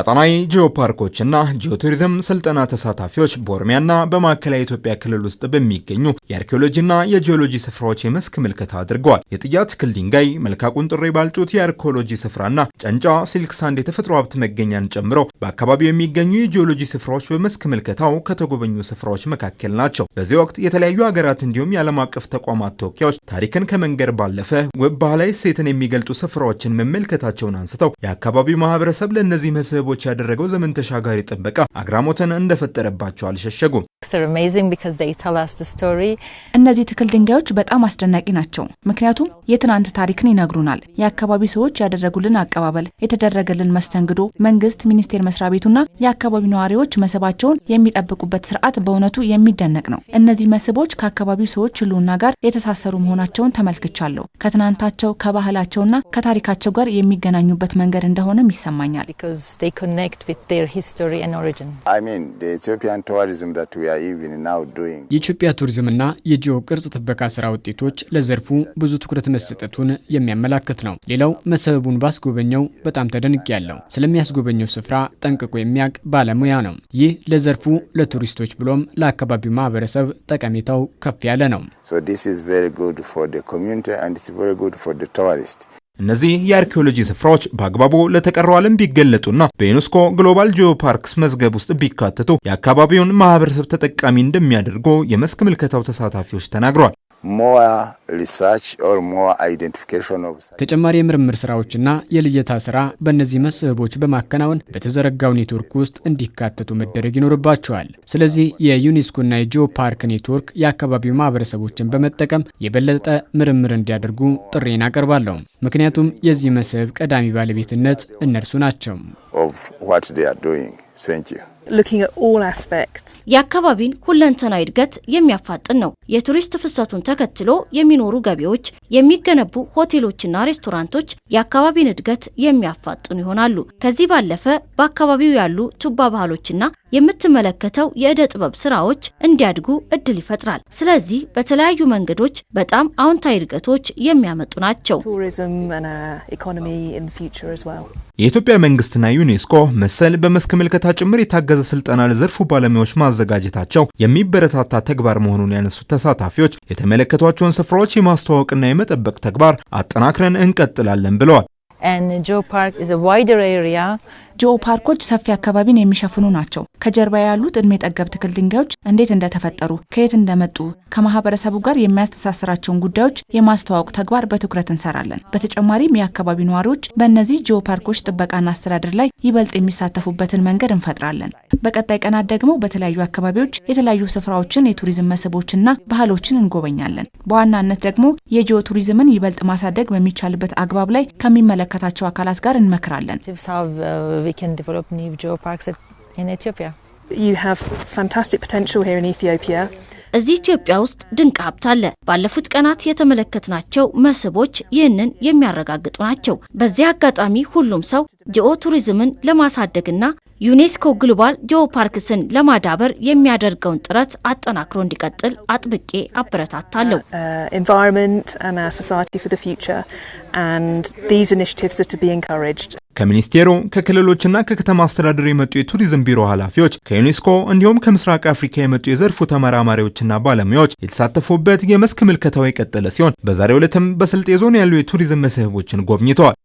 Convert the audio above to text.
ቀጠናዊ ጂኦፓርኮችና ጂኦቱሪዝም ስልጠና ተሳታፊዎች በኦሮሚያና በማዕከላዊ ኢትዮጵያ ክልል ውስጥ በሚገኙ የአርኪኦሎጂና የጂኦሎጂ ስፍራዎች የመስክ ምልከታ አድርገዋል። የጥያ ትክል ድንጋይ፣ መልካ ቁንጥሮ ባልጩት የአርኪኦሎጂ ስፍራና ጨንጫ ሲልክ ሳንድ የተፈጥሮ ሀብት መገኛን ጨምሮ በአካባቢው የሚገኙ የጂኦሎጂ ስፍራዎች በመስክ ምልከታው ከተጎበኙ ስፍራዎች መካከል ናቸው። በዚህ ወቅት የተለያዩ ሀገራት እንዲሁም የዓለም አቀፍ ተቋማት ተወካዮች ታሪክን ከመንገድ ባለፈ ውብ ባህላዊ እሴትን የሚገልጡ ስፍራዎችን መመልከታቸውን አንስተው የአካባቢው ማህበረሰብ ለእነዚህ መስህብ ቤተሰቦች ያደረገው ዘመን ተሻጋሪ ጥበቃ አግራሞትን እንደፈጠረባቸው አልሸሸጉም። እነዚህ ትክል ድንጋዮች በጣም አስደናቂ ናቸው፣ ምክንያቱም የትናንት ታሪክን ይነግሩናል። የአካባቢ ሰዎች ያደረጉልን አቀባበል፣ የተደረገልን መስተንግዶ፣ መንግስት፣ ሚኒስቴር መስሪያ ቤቱና የአካባቢው ነዋሪዎች መስህባቸውን የሚጠብቁበት ስርዓት በእውነቱ የሚደነቅ ነው። እነዚህ መስህቦች ከአካባቢው ሰዎች ህልውና ጋር የተሳሰሩ መሆናቸውን ተመልክቻለሁ። ከትናንታቸው ከባህላቸውና ከታሪካቸው ጋር የሚገናኙበት መንገድ እንደሆነም ይሰማኛል። የኢትዮጵያ ቱሪዝምና የጂኦ ቅርጽ ጥበቃ ስራ ውጤቶች ለዘርፉ ብዙ ትኩረት መሰጠቱን የሚያመላክት ነው። ሌላው መስህቡን ባስጎበኘው በጣም ተደንቅ ያለው ስለሚያስጎበኘው ስፍራ ጠንቅቆ የሚያውቅ ባለሙያ ነው። ይህ ለዘርፉ ለቱሪስቶች ብሎም ለአካባቢው ማህበረሰብ ጠቀሜታው ከፍ ያለ ነው። እነዚህ የአርኪኦሎጂ ስፍራዎች በአግባቡ ለተቀረው ዓለም ቢገለጡና በዩኔስኮ ግሎባል ጂኦፓርክስ መዝገብ ውስጥ ቢካተቱ የአካባቢውን ማህበረሰብ ተጠቃሚ እንደሚያደርጉ የመስክ ምልከታው ተሳታፊዎች ተናግረዋል። ተጨማሪ የምርምር ስራዎችና የልየታ ስራ በእነዚህ መስህቦች በማከናወን በተዘረጋው ኔትወርክ ውስጥ እንዲካተቱ መደረግ ይኖርባቸዋል። ስለዚህ የዩኔስኮና የጂኦ ፓርክ ኔትወርክ የአካባቢው ማህበረሰቦችን በመጠቀም የበለጠ ምርምር እንዲያደርጉ ጥሬን አቀርባለሁ። ምክንያቱም የዚህ መስህብ ቀዳሚ ባለቤትነት እነርሱ ናቸው። የአካባቢን ሁለንተናዊ እድገት የሚያፋጥን ነው። የቱሪስት ፍሰቱን ተከትሎ የሚኖሩ ገቢዎች፣ የሚገነቡ ሆቴሎችና ሬስቶራንቶች የአካባቢን እድገት የሚያፋጥኑ ይሆናሉ። ከዚህ ባለፈ በአካባቢው ያሉ ቱባ ባህሎችና የምትመለከተው የእደ ጥበብ ስራዎች እንዲያድጉ እድል ይፈጥራል። ስለዚህ በተለያዩ መንገዶች በጣም አዎንታዊ እድገቶች የሚያመጡ ናቸው። የኢትዮጵያ መንግስትና ዩኔስኮ መሰል በመስክ ምልከታ ጭምር የታገዘ ስልጠና ለዘርፉ ባለሙያዎች ማዘጋጀታቸው የሚበረታታ ተግባር መሆኑን ያነሱት ተሳታፊዎች የተመለከቷቸውን ስፍራዎች የማስተዋወቅና የመጠበቅ ተግባር አጠናክረን እንቀጥላለን ብለዋል። ጂኦ ፓርኮች ሰፊ አካባቢን የሚሸፍኑ ናቸው። ከጀርባ ያሉት እድሜ ጠገብ ትክል ድንጋዮች እንዴት እንደተፈጠሩ፣ ከየት እንደመጡ፣ ከማህበረሰቡ ጋር የሚያስተሳስራቸውን ጉዳዮች የማስተዋወቅ ተግባር በትኩረት እንሰራለን። በተጨማሪም የአካባቢ ነዋሪዎች በእነዚህ ጂኦ ፓርኮች ጥበቃና አስተዳደር ላይ ይበልጥ የሚሳተፉበትን መንገድ እንፈጥራለን። በቀጣይ ቀናት ደግሞ በተለያዩ አካባቢዎች የተለያዩ ስፍራዎችን፣ የቱሪዝም መስህቦችና ባህሎችን እንጎበኛለን። በዋናነት ደግሞ የጂኦ ቱሪዝምን ይበልጥ ማሳደግ በሚቻልበት አግባብ ላይ ከሚመለከታቸው አካላት ጋር እንመክራለን። You have እዚህ ኢትዮጵያ ውስጥ ድንቅ ሀብት አለ። ባለፉት ቀናት የተመለከትናቸው መስህቦች ይህንን የሚያረጋግጡ ናቸው። በዚህ አጋጣሚ ሁሉም ሰው ጂኦ ቱሪዝምን ለማሳደግና ዩኔስኮ ግሎባል ጂኦፓርክስን ለማዳበር የሚያደርገውን ጥረት አጠናክሮ እንዲቀጥል አጥብቄ አበረታታለሁ። uh, uh, ከሚኒስቴሩ ከክልሎችና ከከተማ አስተዳደር የመጡ የቱሪዝም ቢሮ ኃላፊዎች ከዩኔስኮ እንዲሁም ከምስራቅ አፍሪካ የመጡ የዘርፉ ተመራማሪዎችና ባለሙያዎች የተሳተፉበት የመስክ ምልከታው የቀጠለ ሲሆን በዛሬው ዕለትም በስልጤ ዞን ያሉ የቱሪዝም መስህቦችን ጎብኝተዋል።